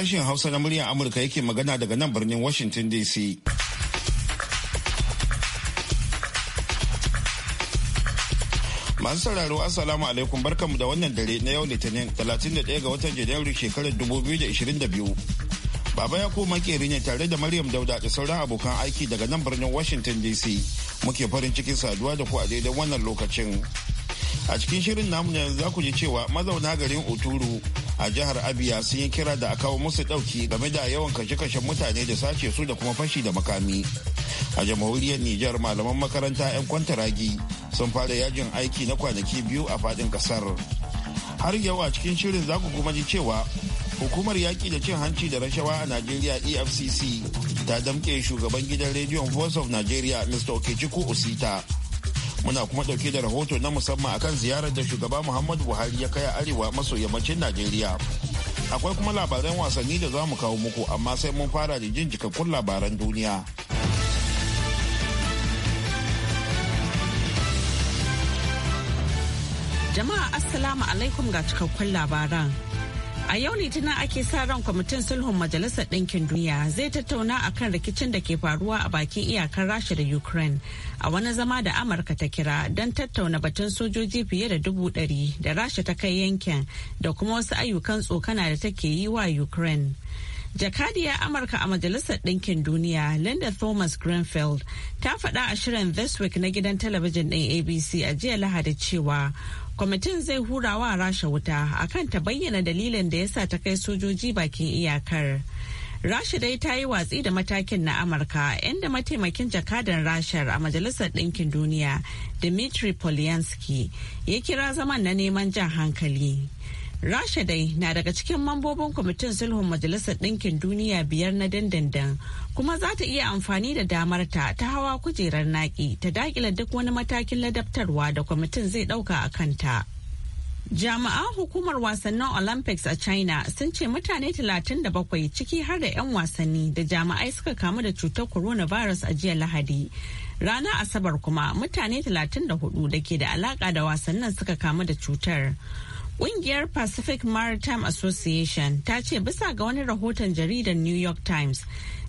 sashen Hausa na muryar Amurka yake magana daga nan birnin Washington DC. Masu sauraro Assalamu alaikum barkamu da wannan dare na yau Litinin 31 ga watan Janairu shekarar 2022. Baba ya koma keri ne tare da Maryam Dauda da sauran abokan aiki daga nan birnin Washington DC. Muke farin cikin saduwa da ku a daidai wannan lokacin. A cikin shirin namu yanzu za ku ji cewa mazauna garin Oturu a jihar abia sun yi kira da a kawo musu ɗauki game da yawan kashe-kashen mutane da sace su da kuma fashi da makami a jamhuriyar nijar malaman makaranta 'yan kwantaragi sun fara yajin aiki na kwanaki biyu a faɗin ƙasar har yau a cikin shirin za ku kuma ji cewa hukumar yaƙi da cin hanci da rashawa a najeriya efcc ta damƙe shugaban gidan rediyon voice of nigeria mr okechukwu osita muna kuma ɗauke da rahoto na musamman akan ziyarar da shugaba muhammadu buhari ya kai arewa maso yammacin najeriya akwai kuma labaran wasanni da za mu kawo muku amma sai mun fara da jin jikakkun labaran duniya jama'a assalamu alaikum ga cikakkun labaran A yau Litinin ake sa ran kwamitin sulhun Majalisar Ɗinkin Duniya zai tattauna a kan rikicin da ke faruwa a bakin iyakar Rasha da Ukraine a wani zama da Amurka ta kira don tattauna batun sojoji fiye da dubu ɗari da Rasha ta kai yankin da kuma wasu ayyukan tsokana da take yi wa Ukraine. Jakadiyar Amurka a Majalisar Ɗinkin Duniya Linda Thomas Greenfield ta faɗa a shirin This Week na gidan talabijin ɗin ABC a jiya Lahadi cewa kwamitin zai hurawa a rasha wuta akan ta bayyana dalilin da yasa ta kai sojoji bakin iyakar rasha dai ta yi watsi da matakin na amurka inda mataimakin jakadan rashar a majalisar ɗinkin duniya Dmitry polyansky ya kira zaman na neman jan hankali Rasha dai na daga cikin mambobin kwamitin sulhun Majalisar Ɗinkin Duniya biyar na dandandan kuma za ta iya amfani da damar ta ta hawa kujerar naki ta dakila duk wani matakin ladabtarwa da kwamitin zai ɗauka a kanta. Jami'an hukumar wasannin Olympics a China sun ce mutane 37 ciki har da 'yan wasanni da jami'ai suka kamu da cutar coronavirus a jiya Lahadi. ranar asabar kuma mutane 34 da ke da alaka da wasannin suka kamu da cutar Ƙungiyar Pacific Maritime Association ta ce bisa ga wani rahoton jaridar New York Times,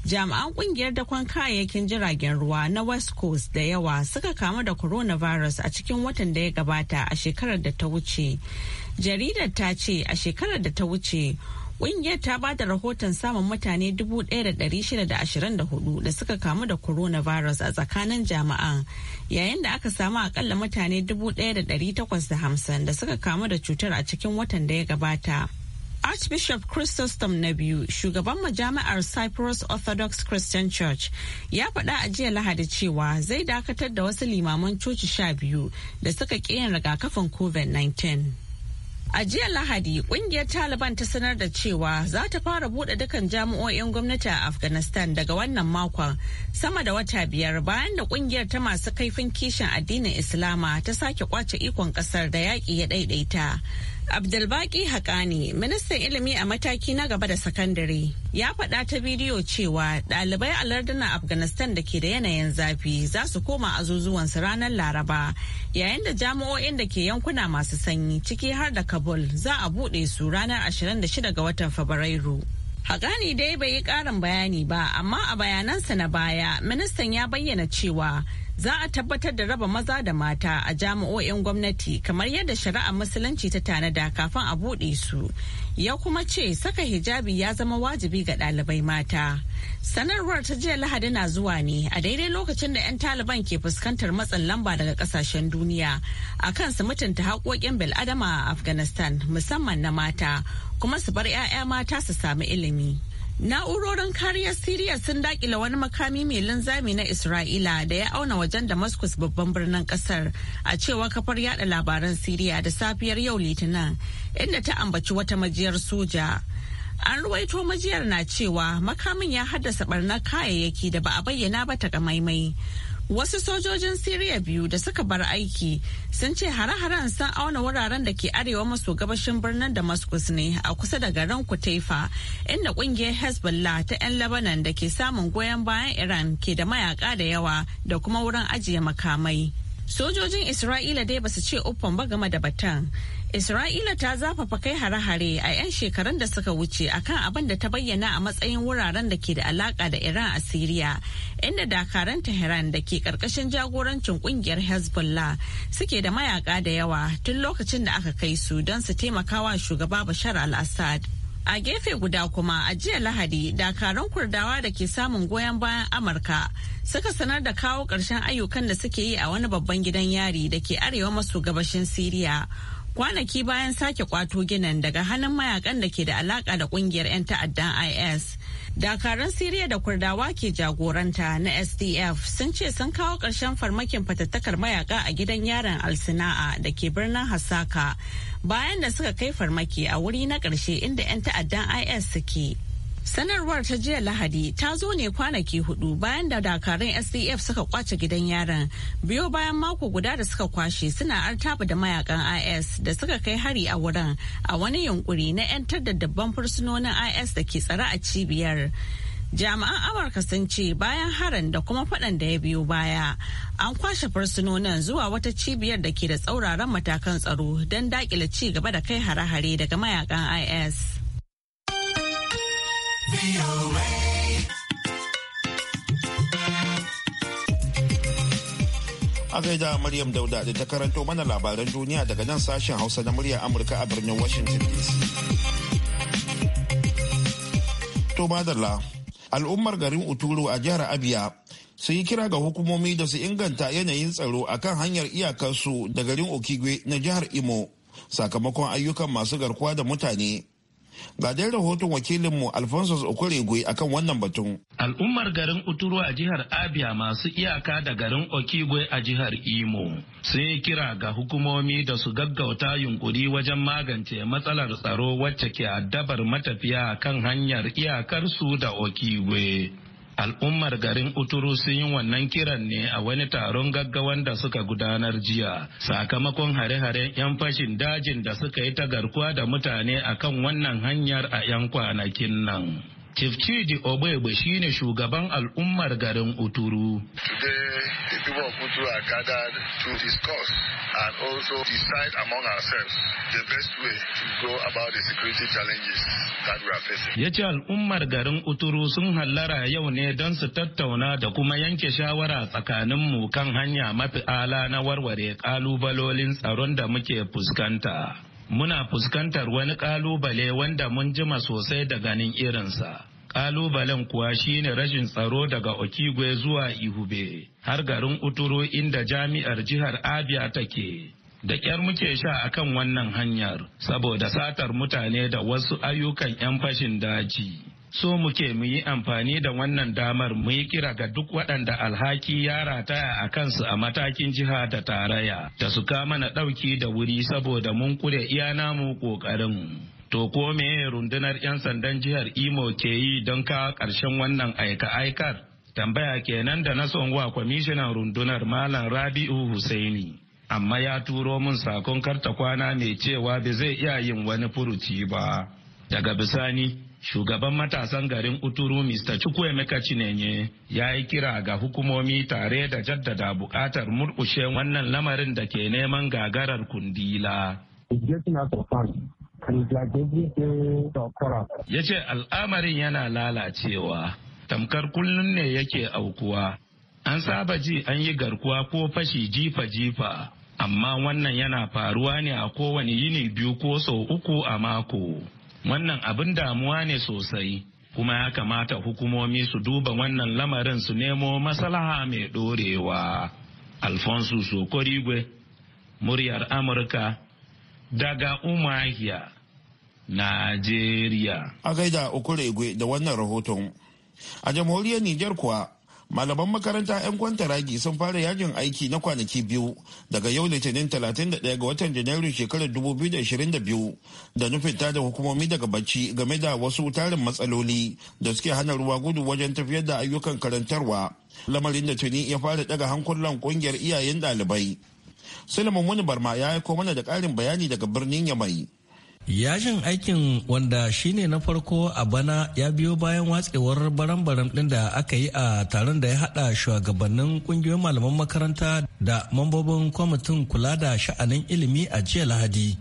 jami'an ƙungiyar dakon kayayyakin jiragen ruwa na West Coast da yawa suka kamu da coronavirus a cikin watan da ya gabata a shekarar da ta wuce. Jaridar ta ce a shekarar da ta wuce Ƙungiyar ta ba da rahoton samun mutane 1,624 da suka kamu da coronavirus a tsakanin jama'an yayin da aka samu akalla mutane 1,850 da suka kamu da cutar a cikin watan da ya gabata. Archbishop Chrysostom na biyu shugaban majami'ar Cyprus Orthodox Christian Church ya faɗa a jiya Lahadi cewa zai dakatar da wasu limaman coci sha biyu da suka ƙi yin rigakafin COVID-19. A jiya Lahadi, kungiyar Taliban ta sanar da cewa za ta fara bude dukan jami'o'in gwamnati a Afghanistan daga wannan makon sama da wata biyar bayan da kungiyar ta masu kaifin kishin addinin Islama ta sake kwace ikon kasar da yaƙi ya ɗaiɗaita. Abdulbaki Haƙani, ministan ilimi a mataki na gaba da sakandare, ya faɗa ta bidiyo cewa ɗalibai a lardunan Afghanistan da ke da yanayin zafi za su koma azuzuwan su ranar Laraba, yayin da jami'o'in da ke yankuna masu sanyi ciki har da Kabul za a buɗe su ranar 26 ga watan Fabrairu. Haƙani dai bai yi ƙarin bayani ba, amma a bayanansa na baya, ministan ya bayyana cewa za a tabbatar da raba maza da mata a jami'o'in gwamnati kamar yadda shari'ar musulunci ta tanada kafin a buɗe su ya kuma ce saka hijabi ya zama wajibi ga ɗalibai mata sanarwar ta jiya lahadi na zuwa ne a daidai lokacin da 'yan taliban ke fuskantar matsin lamba daga kasashen duniya a kan su mutunta haƙoƙin bil'adama a afghanistan musamman na mata kuma su bar 'ya'ya mata su sami ilimi Na'urorin kariyar Siriya sun dakila wani makami mai linzami na Isra'ila da ya auna wajen Damascus babban birnin kasar a cewa kafar yada labaran Siriya da safiyar yau Litinin inda ta ambaci wata majiyar soja. An ruwaito majiyar na cewa makamin ya haddasa barnar kayayyaki da ba a bayyana ba ta kamaimai. Wasu sojojin Siriya biyu da suka bar aiki sun ce hare-haren sun auna wuraren da ke arewa maso gabashin birnin Damascus ne a kusa da garin Kutaifa inda kungiyar Hezbollah ta 'yan Lebanon da ke samun goyon bayan Iran ke da mayaka da yawa da kuma wurin ajiye makamai. Sojojin Isra'ila dai basu ce uffan ba game da batan Isra'ila ta zafafa kai hare-hare a 'yan shekarun da suka wuce akan abin da ta bayyana a matsayin wuraren da ke da alaka da Iran a Siriya, inda dakaran Tehran da ke karkashin jagorancin kungiyar Hezbollah suke da mayaka da yawa tun lokacin da aka kai su don su taimakawa shugaba Bashar al-Assad. A gefe guda kuma a jiya Lahadi dakaran Kurdawa da ke samun goyon bayan Amurka suka sanar da kawo ƙarshen ayyukan da suke yi a wani babban gidan yari da ke arewa maso gabashin Siriya. kwanaki bayan sake kwato ginin daga hannun mayakan da ke da alaka da kungiyar 'yan ta'addan is dakaran siriya da kurdawa ke jagoranta na sdf sun ce sun kawo ƙarshen farmakin fatattakar mayaka a gidan yaron alsina'a da ke birnin hasaka bayan da suka kai farmaki a wuri na ƙarshe inda 'yan ta'addan is suke Sanarwar ta jiya Lahadi ta zo ne kwanaki hudu bayan da dakarun SDF suka kwace gidan yaron biyo bayan mako guda da suka kwashe suna artaba da mayakan IS da suka kai hari a wurin a wani yunkuri na 'yantar da dabban fursunonin IS da ke tsare a cibiyar. Jami'an Amurka sun ce bayan harin da kuma faɗan da ya biyo baya an kwashe fursunonin zuwa wata cibiyar da ke da tsauraran matakan tsaro don daƙile ci gaba da kai hare-hare daga mayakan IS. A gaida Maryam Dauda da ta karanto mana labaran duniya daga nan sashen Hausa na muryar Amurka a birnin Washington DC. To madalla, al'ummar garin Uturu a jihar Abia sun yi kira ga hukumomi da su inganta yanayin tsaro a kan hanyar iyakarsu da garin Okigwe na jihar Imo sakamakon ayyukan masu garkuwa da mutane Ga dai rahoton wakilinmu alfonso Okoregwe akan wannan batun. Al'ummar garin Uturu a jihar Abia masu iyaka da garin Okigwe a jihar Imo sun yi kira ga hukumomi da su gaggauta yunkuri wajen magance matsalar tsaro wacce ke addabar matafiya kan hanyar iyakarsu da Okigwe. Al'ummar garin Uturu sun yi wannan kiran ne a wani taron gaggawan da suka gudanar jiya sakamakon hare-haren 'yan fashin dajin da suka yi ta garkuwa da mutane a kan wannan hanyar a 'yan kwanakin nan. Chief Chidi Ogbegbe shine shugaban al'ummar garin Uturu. and also decide among ourselves the best way to go the security challenges that we are facing. Ya ce al'ummar garin Uturu sun hallara yau ne don su tattauna da kuma yanke shawara tsakanin mu kan hanya mafi ala na warware kalubalolin tsaron da muke fuskanta. muna fuskantar wani kalubale wanda mun jima sosai da ganin irinsa. kalubalen kuwa shine rashin tsaro daga Okigwe zuwa Ihube har garin Uturu inda jami'ar jihar Abia take. Da ƙyar muke sha akan wannan hanyar saboda satar mutane da wasu ayyukan 'yan fashin daji. so muke mu yi amfani da wannan damar mu yi kira ga duk waɗanda alhaki ya rataya a kansu a matakin jiha da taraya. da su mana ɗauki da wuri saboda mun kure iya namu ƙoƙarin. To ko me rundunar 'yan sandan jihar Imo ke yi don kawo ƙarshen wannan aika-aikar? Tambaya kenan da na son wa kwamishinan rundunar Malam Rabi'u Husaini. Amma ya turo mun sakon karta kwana mai cewa ba zai iya yin wani furuci ba. Daga bisani, shugaban matasan garin uturu mr chukwuemeka chinenye ya yi kira ga hukumomi tare da jaddada buƙatar murƙushe wannan lamarin da ke neman gagarar kundila ya ce al'amarin yana lalacewa tamkar kullum ne yake aukuwa an saba ji an yi garkuwa ko fashi jifa-jifa amma wannan yana faruwa ne a kowane yini biyu ko sau uku a mako Wannan abin damuwa ne sosai, kuma ya kamata hukumomi su duba wannan lamarin su nemo maslaha mai ɗorewa. Alfonso Sokorigwe, muryar Amurka, daga Umahia, Najeriya. A gaida Okoregwe da wannan rahoton. A jamhuriyar Nijar kuwa malaman makaranta 'yan ragi sun fara yajin aiki na kwanaki biyu daga yau litinin 31 ga watan janairu shekarar 2022 da nufin da hukumomi daga bacci game da wasu tarin matsaloli da suke hana ruwa gudu wajen tafiyar da ayyukan karantarwa lamarin da tuni ya fara daga hankulan kungiyar iyayen ɗalibai sulaiman wani barma ya aiko mana da ƙarin bayani daga birnin yamai Yajin aikin wanda shine na farko a bana ya biyo bayan watsewar baram-baram ɗin da aka yi a taron da ya haɗa shugabannin ƙungiyoyin malaman makaranta da mambobin kwamitin kula da sha'anin ilimi a jiya Lahadi.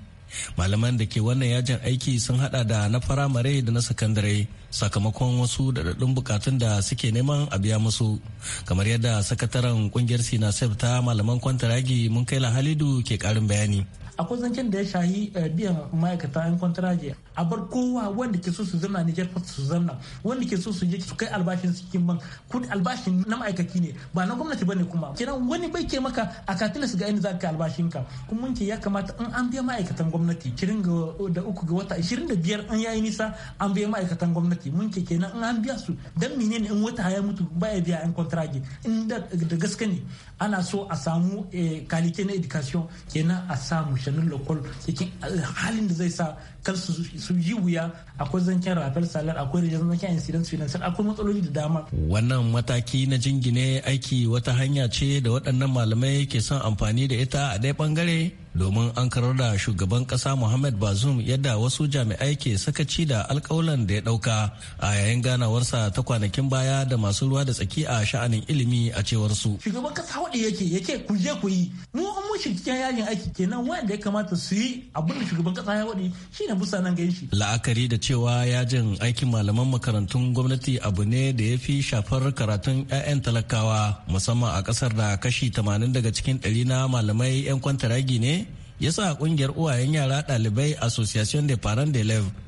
Malaman da ke wannan yajin aiki sun haɗa da na firamare da na sakandare. sakamakon wasu daɗaɗɗun bukatun da suke neman a biya musu kamar yadda sakataren kungiyar sinasef ta malaman kwantaragi mun kai halidu ke ƙarin bayani akwai kusancin da ya shayi eh, biyan ma'aikata yan kwantaraje a bar kowa wanda ke so su zanna Niger Post su zamna wanda ke so su je su kai albashin su kin kudi albashin na ma'aikaci ne ba na gwamnati bane kuma kenan wani bai ke maka a katina su ga inda za ka albashin ka kuma mun ce ya kamata in an biya ma'aikatan gwamnati 20 eh, da uku ga wata 25 an yayi nisa an biya ma'aikatan gwamnati contract mun ke kenan in an biya su dan menene in wata ya mutu ya biya an kontraje in da gaske ne ana so a samu kalite eh, na education kenan a samu shanun lokal cikin eh, halin da zai sa kar su yi wuya akwai zancen rafel salar akwai rijiyar zancen incident financial akwai matsaloli da dama wannan mataki na jingine aiki wata hanya ce da waɗannan malamai ke son amfani da ita a ɗaya bangare domin an karar da shugaban kasa Muhammad Bazoum yadda wasu jami'ai ke sakaci da alkawalan da ya dauka a yayin ganawarsa ta kwanakin baya da masu ruwa da tsaki a sha'anin ilimi a cewar su. Shugaban kasa waɗi yake yake ku je ku yi mu shi cikin yajin aiki kenan wanda ya kamata su yi abin da shugaban kasa ya wadi shine busa nan gan la'akari da cewa yajin aikin malaman makarantun gwamnati abu ne da ya fi shafar karatun 'ya'yan talakawa musamman a kasar da kashi 80 daga cikin 100 na malamai 'yan kwantaragi ne ya sa kungiyar uwayen yara dalibai association de parents de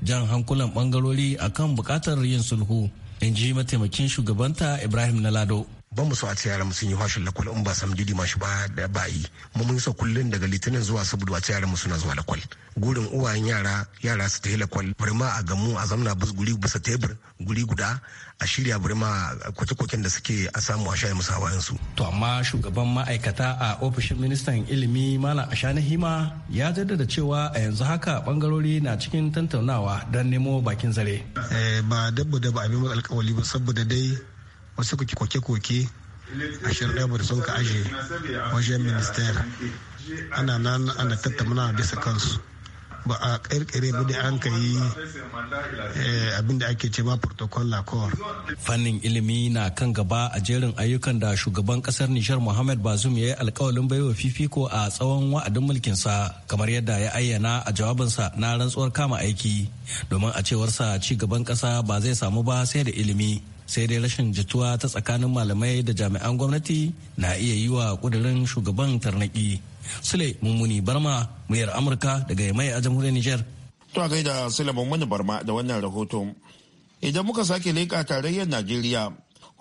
jan hankulan bangarori akan bukatar yin sulhu in ji mataimakin shugabanta ibrahim nalado ba mu so a ce yaran mu sun yi fashin lakwal in ba sam didi mashi ba da bayi yi mu mun so kullun daga litinin zuwa saboda a ce yaran mu suna zuwa lakwal gurin uwayen yara yara su tafi lakwal burma a gamu a zamna bus guri bisa tebur guri guda a shirya burma kwace-kwacen da suke a samu a shaye musu su to amma shugaban ma'aikata a ofishin ministan ilimi malam na hima ya jaddada cewa a yanzu haka bangarori na cikin tantaunawa don nemo bakin zare eh, ba dabba da ba abin alkawali ba saboda dai wasu koke-koke ashirin ɗaya da sun ka aje wajen minister ana nan ana tattauna bisa kansu ba a ƙirƙire ba da an yi eh, abin da ake ma protocol ko fannin ilimi na kan gaba a jerin ayyukan da shugaban kasar nishar muhammad bazum ya yi alkawalin baiwa fifiko a tsawon wa'adin mulkinsa kamar yadda ya ayyana a jawabinsa na rantsuwar kama aiki domin a cewarsa ci gaban kasa ba zai samu ba sai da ilimi sai dai rashin jituwa ta tsakanin malamai da jami'an gwamnati na iya yi wa kudirin shugaban tarnaki sule mummuni barma muryar amurka daga yamai a jamhuriyar niger to a gaida sule mummuni barma da wannan rahoton idan muka sake leƙa tarayyar najeriya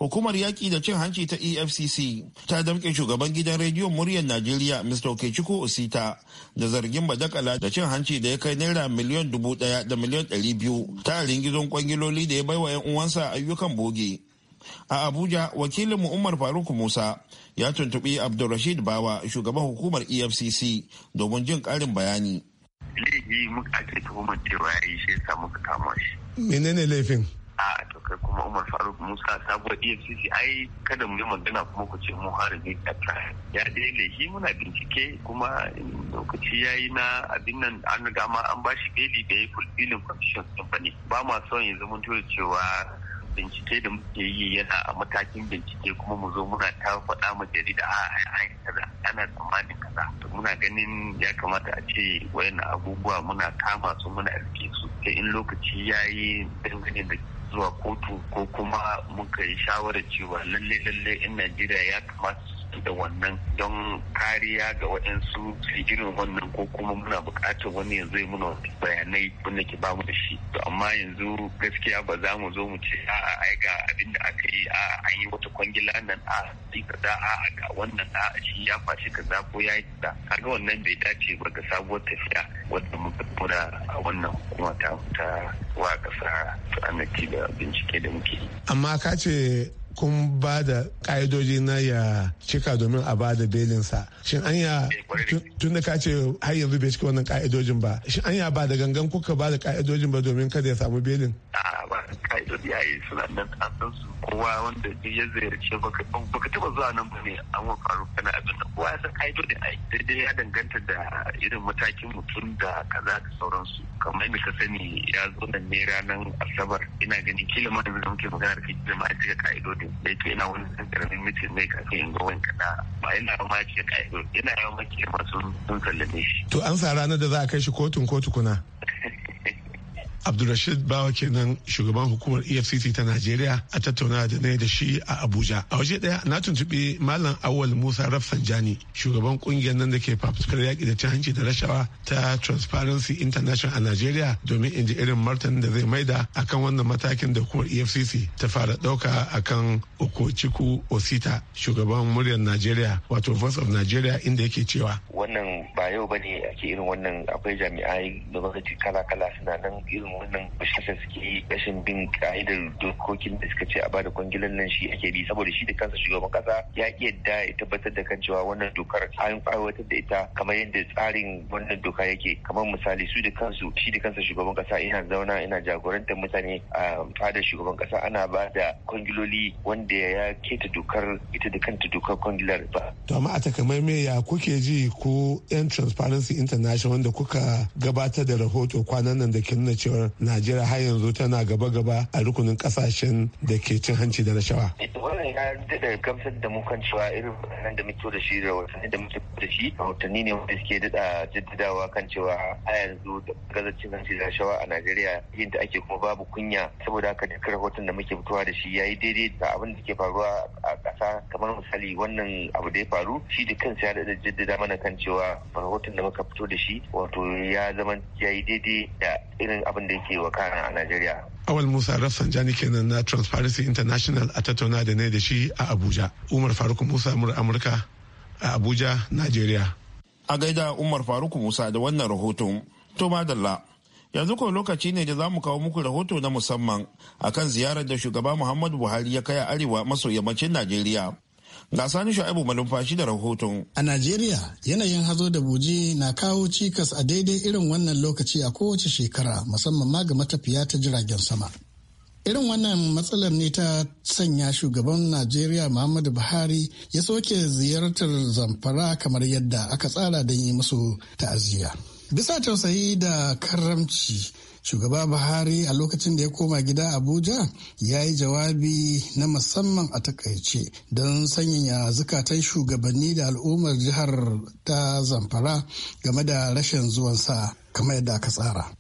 Hukumar yaƙi da cin hanci ta EFCC ta damƙe shugaban gidan rediyon muryar Najeriya Mr. Okechukwu Osita da zargin badakala da cin hanci da ya kai naira miliyan dubu ɗaya da miliyan ɗari biyu ta gizon kwangiloli da ya baiwa 'yan uwansa ayyukan boge. A Abuja, wakilin mu Umar Faruk Musa ya tuntuɓi Abdulrashid Bawa, shugaban hukumar EFCC, domin jin ƙarin bayani. Laifi muka ake tuhumar cewa ya yi shi ya samu ka kama shi. Menene laifin? a to kai kuma Umar Faruk Musa sabuwar EFCC ai kada mu yi magana kuma ku ce mu har harabi kata ya dai lehi muna bincike kuma lokaci yayi na abin nan an riga ma an bashi beli da ya fulfilin conditions din ba ma son yanzu mun tura cewa bincike da muke yi yana a matakin bincike kuma mu zo muna ta faɗa ma jarida a kaza ana tsammanin kaza muna ganin ya kamata a ce wayannan abubuwa muna kama su muna rike su sai in lokaci ya yi dangane da zuwa kotu ko kuma muka yi shawarar cewa lalle lalle in najeriya ya kamata da wannan don kariya ga waɗansu su wannan ko kuma muna buƙatar wani yanzu ya muna bayanai wanda ke bamu da shi to amma yanzu gaskiya ba za mu zo mu ce a ai ga abin da aka yi a an yi wata kwangila nan a yi kaza a ga wannan a shi ya faci kaza ko ya yi kaza kaga wannan bai dace ba ga sabuwar tafiya wadda muka kura a wannan hukuma ta ta wa kasa ta da bincike da muke amma ka ce kun ba da ka'idoji na ya cika domin a ba da belinsa shin anya eh, tun da ka ce har yanzu bai cika wannan ka'idojin ba shin anya ba da gangan kuka ba da ka'idojin ba domin kada ya samu belin a'a ba ka'idoji a yi suna nan a san su kowa wanda ya ziyarce baka baka taba zuwa nan ba ne an wa faru kana abin nan kowa ya san ka'idojin a yi daidai ya danganta da irin matakin mutum da kaza da sauransu kamar yadda ka sani ya zo nan ne ranar asabar ina ganin kila ma da muke magana da kila ma ya cika ka'idojin din yake ina wani san karamin mitin ne kafin in ga wanka na ba yana ma ce kai yana yawan mace masu sun sallame shi to an sa ranar da za a kai shi kotun ko tukuna. abdulrashid bawa kenan shugaban hukumar efcc ta najeriya a tattauna da na da shi a abuja a waje ɗaya na tuntuɓi malam awal musa rafsanjani shugaban ƙungiyar nan da ke fafutukar yaƙi da hanci da rashawa ta transparency international a najeriya domin in ji irin martanin da zai maida akan wannan matakin da hukumar efcc ta fara ɗauka akan okociku osita shugaban muryar najeriya wato voice of nigeria inda yake cewa wannan ba yau bane ake irin wannan akwai jami'ai da kala kala suna nan irin wannan bashin suke yi rashin bin ka'idar dokokin da suka ce a bada kwangilan nan shi ake bi saboda shi da kansa shugaban kasa ya ki yadda ya tabbatar da kan cewa wannan dokar an aiwatar da ita kamar yadda tsarin wannan doka yake kamar misali su da kansu shi da kansa shugaban kasa ina zauna ina jagorantar mutane a fadar shugaban kasa ana ba da kwangiloli wanda ya keta dokar ita da kanta dokar kwangilar ba. To amma a takamaimai ya kuke ji ko 'yan Transparency International da kuka gabatar da rahoto kwanan nan da ke nuna cewa najeriya har yanzu tana gaba-gaba a rukunin kasashen da ke cin hanci da rashawa wannan ya daɗa gamsar da mu kan cewa irin wannan da muke da shi da watanni da muke da shi rahotanni ne wanda suke daɗa jaddadawa kan cewa a yanzu gazar cin hanci da rashawa a najeriya yin da ake kuma babu kunya saboda haka duk rahoton da muke fitowa da shi ya yi daidai da abin da ke faruwa a ƙasa kamar misali wannan abu da ya faru shi da kansa ya daɗa jaddada mana kan cewa rahoton da muka fito da shi wato ya zama ya yi daidai da irin abin da da yake a Najeriya. Awal Musa Rafsanjani kenan na Transparency International a tattauna da ne da shi a Abuja. Umar Faruk Musa mur Amurka a Abuja, Najeriya. A gaida Umar Faruk Musa da wannan rahoton. To madalla. Yanzu ko lokaci ne da za mu kawo muku rahoto na musamman akan ziyarar da shugaba Muhammadu Buhari ya kai a arewa maso yammacin Najeriya. Ga sani sha'ibu malumfashi da rahoton. A Najeriya yanayin hazo da buje na kawo cikas a daidai irin wannan lokaci a kowace shekara musamman ma ga matafiya ta jiragen sama. Irin wannan matsalar ne ta sanya shugaban Najeriya Muhammadu Buhari ya soke ziyartar zamfara kamar yadda aka tsara don yi musu ta'aziyya. Bisa tausayi da karamci shugaba buhari a lokacin da ya koma gida abuja ya yi jawabi na musamman a takaice don sanyaya zukatan shugabanni da al'ummar jihar ta zamfara game da rashin zuwansa kamar yadda aka tsara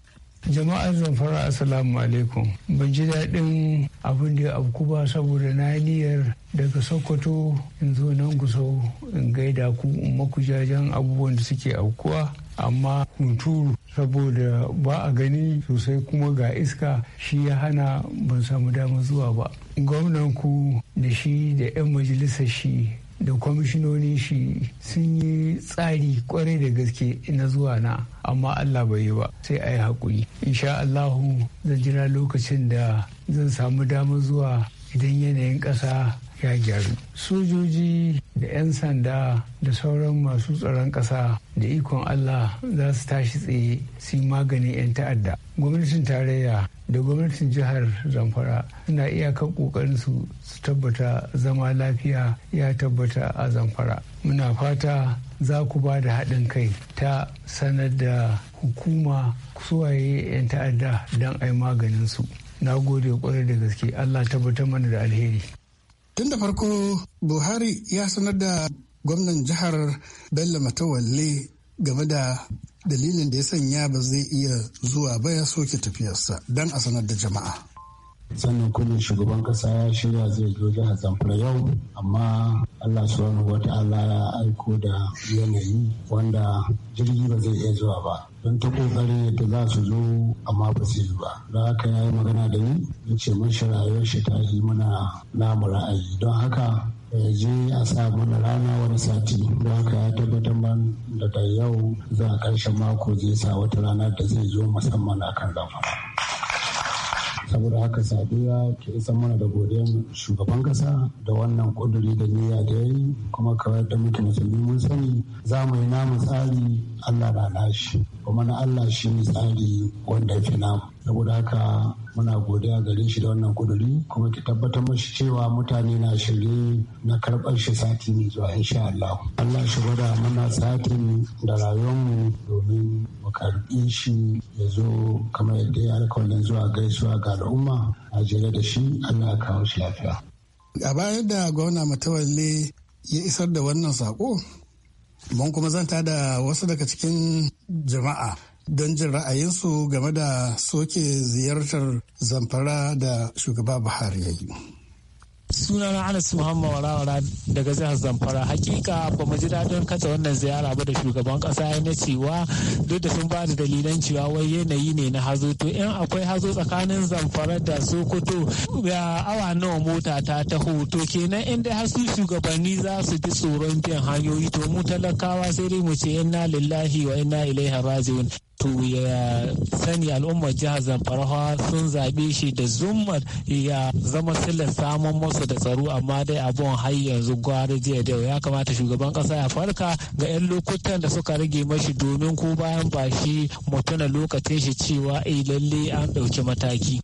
jama'ar zamfara assalamu alaikum ban ji daɗin abin da ya ba saboda na niyyar daga sokoto in zo nan gusau in gaida ku in maku jajen abubuwan da suke aukuwa amma hunturu saboda ba a gani sosai kuma ga iska shi ya hana ban samu damar zuwa ba gwamnan ku da shi da 'yan majalisar shi da kwamishinonin shi sun yi tsari kwarai da gaske na zuwa na amma allah bai yi ba sai a yi haƙuri insha allahu zan jira lokacin da zan samu damar zuwa idan yanayin ƙasa ya gyaru sojoji da 'yan sanda da sauran masu tsaron ƙasa da ikon allah za su tashi tsaye su yi maganin 'yan ta'adda gwamnatin tarayya da gwamnatin jihar zamfara suna iyakar ƙoƙarin su tabbata zama lafiya ya tabbata a zamfara muna fata za ku ba da haɗin kai ta sanar da hukuma suwaye 'yan ta'adda don a yi maganin su na gode kwarai da gaske allah tabbatar mana da alheri Tun da farko Buhari ya sanar da gwamnan jihar Bello Matawalle game da dalilin da ya sanya ba zai iya zuwa ba ya soke tafiyarsa don a sanar da jama'a. sannan kudin shugaban kasa ya shirya zai zo jihar zamfara yau amma allah subhanahu wata ta'ala ya aiko da yanayi wanda jirgi ba zai iya zuwa ba don ta kokari yadda za su zo amma ba su yi ba da haka ya yi magana da ni in ce mashi rayuwar shi ta yi mana namu ra'ayi don haka ya je a sa mana rana wani sati don haka ya tabbatar da ta yau za a karshen mako zai sa wata rana da zai zo musamman kan zamfara. saboda haka sadiya ke isa mana da godiyar shugaban kasa da wannan kuduri da niyya da ya yi kuma kawai da muke musulmi mun sani za mu yi namu tsari allah na nashi kuma na Allah shi ne tsari wanda ya fi namu saboda haka muna godiya gare shi da wannan kuduri kuma ki tabbatar mashi cewa mutane na shirye na karɓar shi sati ne zuwa insha Allah Allah shi gwada mana satin da mu domin mu karɓi shi ya zo kamar yadda ya alkawalin zuwa gaisuwa ga al'umma a jere da shi Allah ya kawo shi lafiya a bayan da gwamna matawalle ya isar da wannan sako Mun kuma zanta da wasu daga cikin jama'a don jin ra'ayinsu game da soke ziyartar zamfara da shugaba Buhari ya yi. sunana anas muhammad warawara daga jihar zamfara hakika ba mu ji daɗin kasa wannan ziyara ba da shugaban ƙasa ya na cewa duk da sun ba da dalilan cewa wai yanayi ne na hazo to in akwai hazo tsakanin zamfara da sokoto ga awa nawa mota ta taho to kenan in dai hasu shugabanni za su ji tsoron biyan hanyoyi to mu talakawa sai dai mu ce inna lillahi wa inna ilaihi raji'un to ya sani al'ummar jihar zamfara sun zaɓe shi da zumar ya zama sila samun musu da tsaro amma dai abun har yanzu gwara jiya da ya kamata shugaban ƙasa ya farka ga 'yan lokutan da suka rage mashi domin ko bayan ba shi mutuna lokacin shi cewa eh lalle an ɗauki mataki.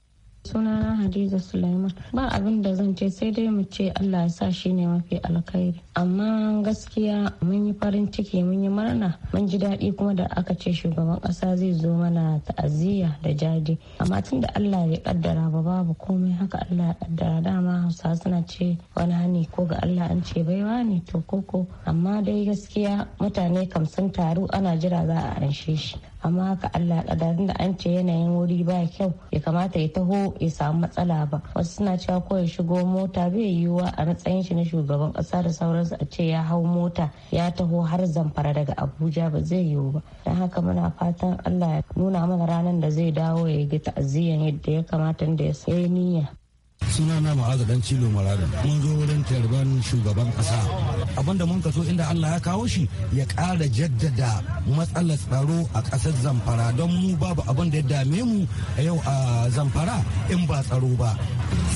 sunana hadiza sulaiman ba abin da zan ce sai dai mu ce allah ya sa shi ne mafi alkhairi amma gaskiya mun yi farin ciki mun yi murna mun ji daɗi kuma da aka ce shugaban ƙasa zai zo mana ta'aziyya da jaje amma tun da allah ya kaddara ba babu komai haka allah ya kaddara dama hausa suna ce wani hani ko ga allah an ce bai ne to koko amma dai gaskiya mutane kam sun taru ana jira za a anshe shi amma haka Allah kadarin da an ce yanayin wuri ba kyau ya kamata ya taho ya samu matsala ba wasu suna cewa ko ya shigo mota bai yiwuwa a matsayin shi na shugaban kasa da sauransu a ce ya hau mota ya taho har zamfara daga Abuja ba zai yiwu ba don haka muna fatan Allah ya nuna mana ranar da zai dawo ya ga ta'aziyyan yadda ya kamata da ya sai niyya suna na ma'aza dan cilo marada mun zo wurin tarban shugaban kasa abinda mun kaso inda allah ya kawo shi ya kara jaddada matsalar tsaro a kasar zamfara don mu babu abin da ya dame mu a yau a zamfara in ba tsaro ba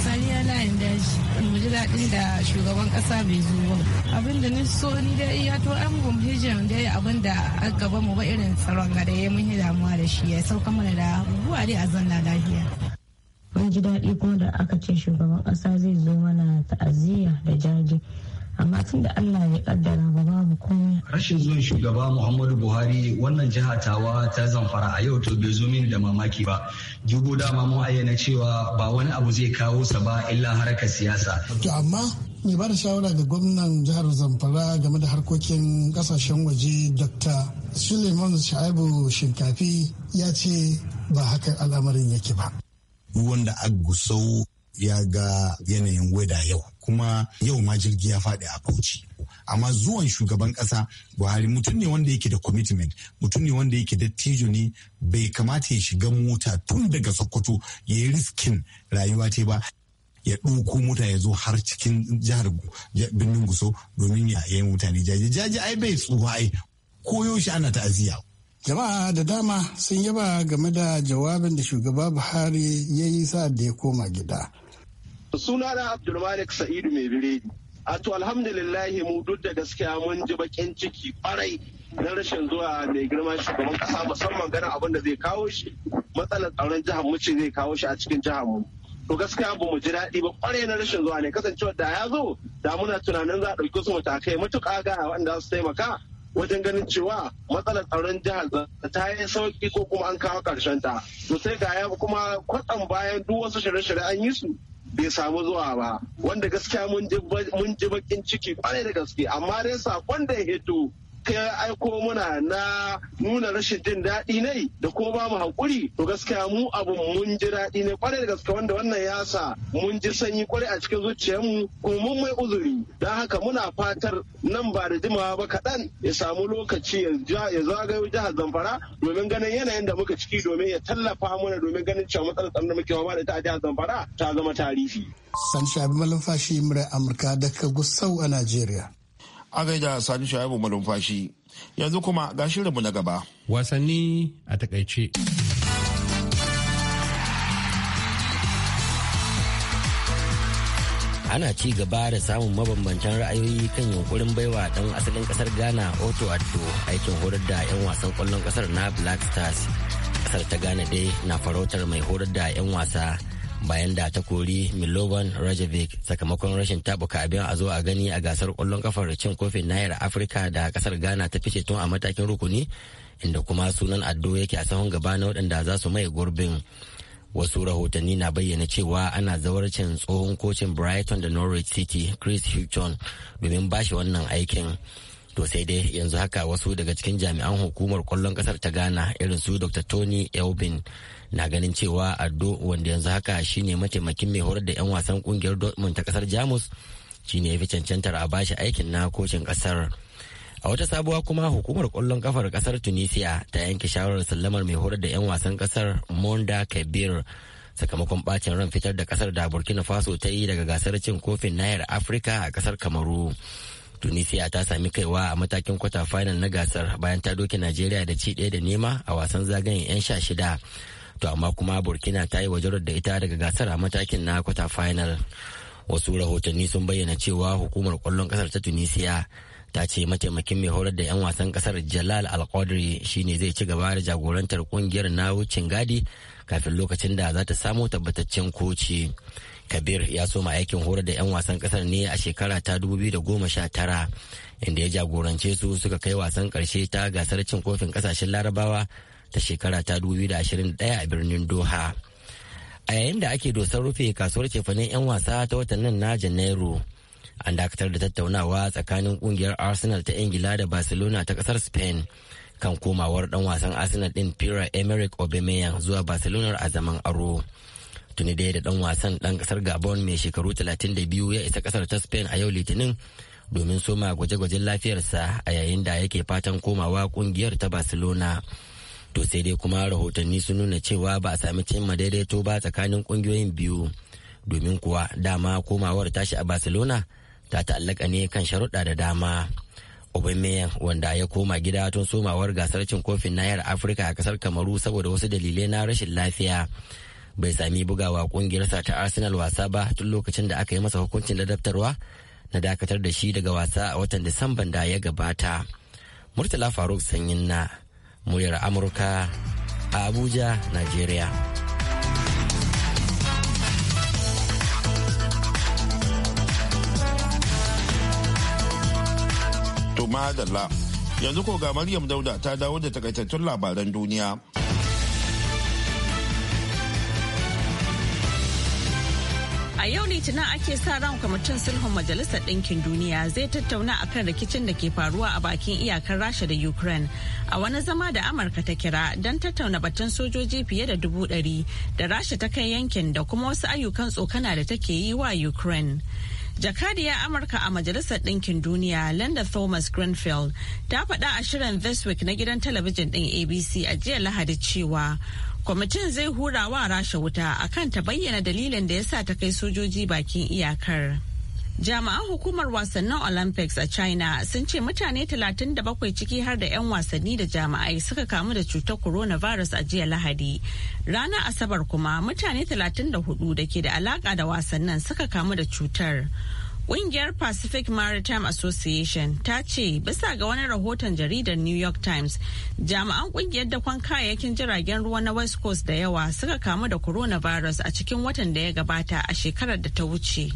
saniya na inda daji mu ji daɗin da shugaban kasa bai zo ba abin da ni so ni da iya to an gum hijin da ya abin da gaba mu ba irin tsaron ga da ya mun damuwa da shi ya sauka mana da abubuwa dai a zanna lafiya mun ji daɗi kuma da aka ce shugaban ƙasa zai zo mana ta'aziyya da jaji amma tun da Allah ya ƙaddara ba babu komai. Rashin zuwan shugaba Muhammadu Buhari wannan jiha tawa ta zamfara a yau to bai zo mini da mamaki ba. Jugo dama mu ayyana cewa ba wani abu zai kawo sa ba illa harkar siyasa. To amma mai ba da shawara ga gwamnan jihar Zamfara game da harkokin kasashen waje Dr. Suleiman Shaibu Shinkafi ya ce ba haka al'amarin yake ba. wanda a gusau ya ga yanayin weda yau kuma yau ma jirgi ya faɗi a bauchi amma zuwan shugaban ƙasa buhari mutum ne wanda yake da commitment mutum ne wanda yake da ne bai kamata ya shiga mota tun daga sokoto ya yi riskin rayuwa ce ba ya ɗauko mota ya zo har cikin jihar birnin guso domin ya yi mutane jaje jaje ai bai tsuwa ai koyo shi ana ta'aziyya jama'a da dama sun yaba game da jawabin da shugaba buhari ya yi sa'ad da ya koma gida sunana abdulmalik sa'idu mai biredi a to alhamdulillahi mu duk da gaskiya mun ji bakin ciki kwarai na rashin zuwa mai girma shugaban kasa musamman ganin abin da zai kawo shi matsalar tsaron jihar mu zai kawo shi a cikin jihar mu to gaskiya ba mu ji daɗi ba kwarai na rashin zuwa ne kasancewar da ya zo da muna tunanin za a ɗauki wasu matakai matuƙa ga wanda su taimaka wajen ganin cewa matsalar tsaron jihar ta yi sauki ko kuma an kawo karshen ta to sai ga ya kuma kwatsam bayan duk wasu shirye-shirye an yi su bai samu zuwa ba wanda gaskiya mun ji bakin ciki kwarai da gaske amma dai sakon da ya hito ka aiko muna na nuna rashin jin daɗi ne da ko ba mu hakuri to gaskiya mu abu mun ji daɗi ne kwarai da gaske wanda wannan ya sa mun ji sanyi kwarai a cikin zuciyarmu kuma mun mai uzuri don haka muna fatar nan ba da jimawa ba kaɗan ya samu lokaci ya zagayo jihar zamfara domin ganin yanayin da muka ciki domin ya tallafa mana domin ganin cewa matsalar tsaron da muke fama da ta a jihar zamfara ta zama tarihi. Sani Abimalin Fashi Murai Amurka daga Gusau a Najeriya. a sani shaibu malumfashi yanzu kuma ga shirinmu na gaba wasanni a takaice ana ci gaba da samun mabambantan ra'ayoyi kan yunkurin baiwa dan asalin kasar ghana oto addo aikin horar da 'yan wasan kwallon kasar na black stars kasar ta ghana dai na farautar mai horar da 'yan wasa bayan da ta kori Milovan Rajevic sakamakon rashin tabuka abin a zo a gani a gasar kwallon kafar cin kofin nahiyar Afirka da kasar Ghana ta fice tun a matakin rukuni inda kuma sunan Addo yake a sahun gaba na waɗanda za su maye gurbin. Wasu rahotanni na bayyana cewa ana zawarcin tsohon kocin Brighton da Norwich City Chris Hughton domin bashi wannan aikin. to sai dai yanzu haka wasu daga cikin jami'an hukumar kwallon kasar ta ghana irin su dr tony elbin na ganin cewa addo wanda yanzu haka shine mataimakin mai horar da 'yan wasan kungiyar dortmund ta kasar jamus shine ya fi cancantar a bashi aikin na kocin kasar a wata sabuwa kuma hukumar kwallon kafar kasar tunisia ta yanke shawarar sallamar mai horar da 'yan wasan kasar monda kabir sakamakon bacin ran fitar da kasar da burkina faso ta yi daga gasar cin kofin nayar afirka a kasar kamaru tunisia ta sami kaiwa a matakin kwata final na gasar bayan ta doke najeriya da ci ɗaya da nema a wasan zagayen 'yan sha shida to amma kuma burkina ta yi wajarar da ita daga gasar a matakin na kwata final wasu rahotanni sun bayyana cewa hukumar kwallon kasar ta tunisia ta ce mataimakin mai horar da 'yan wasan kasar jalal alkadri shine zai ci gaba da jagorantar kungiyar na wucin gadi kafin lokacin da za ta samu tabbataccen koci kabir ya soma aikin horar da 'yan wasan kasar ne a shekara ta 2019 inda ya jagorance su suka kai wasan karshe ta gasar cin kofin kasashen larabawa ta shekara ta 2021 a birnin Doha. A yayin da ake dosar rufe kasuwar cefanen 'yan wasa ta watan nan na Janairu, an dakatar da tattaunawa tsakanin kungiyar Arsenal ta Ingila da Barcelona ta kasar Spain kan komawar dan wasan Arsenal din Pierre Emeric Aubameyang zuwa Barcelona a zaman aro. Tuni dai da dan wasan dan kasar Gabon mai shekaru 32 ya isa kasar ta Spain a yau Litinin domin soma gwaje-gwajen lafiyarsa a yayin da yake fatan komawa kungiyar ta Barcelona. to sai dai kuma rahotanni sun nuna cewa ba a sami cimma daidaito ba tsakanin kungiyoyin biyu domin kuwa dama komawar tashi a barcelona ta ta'allaka ne kan sharuɗa da dama obameyan wanda ya koma gida tun somawar gasar cin kofin nayar Afirka a kasar Kamaru saboda wasu dalilai na rashin lafiya. Bai sami bugawa kungiyarsa ta Arsenal wasa ba tun lokacin da aka yi masa hukuncin ladabtarwa na dakatar da shi daga wasa a watan Disamban da ya gabata. Murtala Faruk Sanyin na muryar amurka a abuja nigeria to madalla yanzu ko ga maryam dauda ta dawo da takaitattun labaran duniya A yau Litinin ake sa ran kwamitin sulhun Majalisar Ɗinkin Duniya zai tattauna akan rikicin da ke faruwa a bakin iyakar Rasha da Ukraine a wani zama da Amurka ta kira don tattauna batun sojoji fiye da dubu ɗari da Rasha ta kai yankin da kuma wasu ayyukan tsokana da take yi wa Ukraine. jakadiyar amurka a majalisar ɗinkin duniya linda thomas greenfield ta faɗa a shirin this week na gidan talabijin ɗin abc a jiya lahadi cewa kwamitin zai hura wa rasha wuta akan ta bayyana dalilin da ya sa ta kai sojoji bakin iyakar jami'an hukumar wasannin olympics a china sun ce mutane 37 ciki har da 'yan wasanni da jami'ai suka kamu da cutar coronavirus a jiya lahadi ranar asabar kuma mutane 34 da ke da alaka da wasannin suka kamu da cutar Ƙungiyar Pacific Maritime Association ta ce bisa ga wani rahoton jaridar New York Times, jami'an ƙungiyar dakon kayayyakin jiragen ruwa na West Coast da yawa suka kamu da coronavirus a cikin watan da ya gabata a shekarar da ta wuce.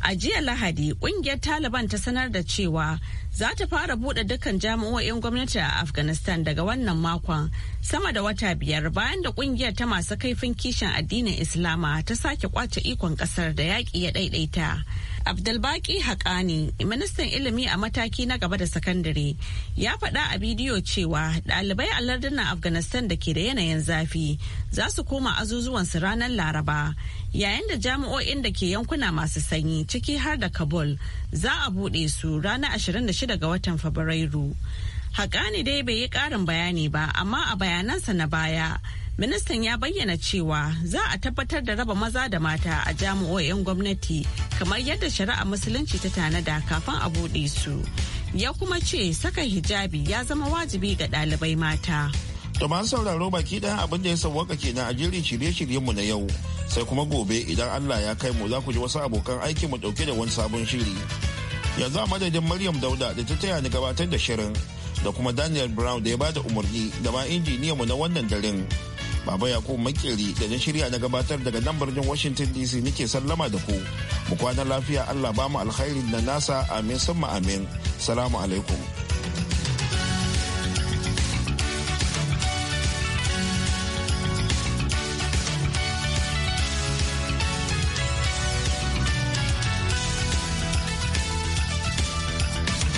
A jiya Lahadi, ƙungiyar Taliban ta sanar da cewa za ta fara buɗe dukkan jami'o'in gwamnati a Afghanistan daga wannan makon sama da wata biyar bayan da ƙungiyar ta masu kaifin kishin addinin Islama ta sake kwace ikon ƙasar da yaƙi ya ɗaiɗaita. Abdulbaki Haƙani, ministan ilimi a mataki na gaba da sakandare, ya faɗa a bidiyo cewa ɗalibai a lardunan Afghanistan da ke da yanayin zafi za su koma azuzuwansu ranar Laraba, yayin da jami'o'in da ke yankuna masu sanyi ciki har da Kabul za a buɗe su ranar 26 ga watan Fabrairu. Haƙani dai bai yi ƙarin bayani ba, amma a bayanansa na baya ministan ya bayyana cewa za a tabbatar da raba maza da mata a jami'o'in gwamnati kamar yadda shari'a musulunci ta tanada kafin a buɗe su ya kuma ce saka hijabi ya zama wajibi ga ɗalibai mata to masu sauraro baki ɗan abin da ya sauwaka kenan a jerin shirye shiryen mu na yau sai kuma gobe idan allah ya kai mu za ku ji wasu abokan mu ɗauke da wani sabon shiri yanzu a madadin maryam dauda da ta taya ni gabatar da shirin da kuma daniel brown da ya bada umarni da ma injiniyan mu na wannan daren Baba Yakubu Makeri da na shirya na gabatar daga nan birnin Washington DC nake sallama da ku. Mu kwana lafiya Allah ba mu alkhairin da nasa amin summa amin. Salamu alaikum.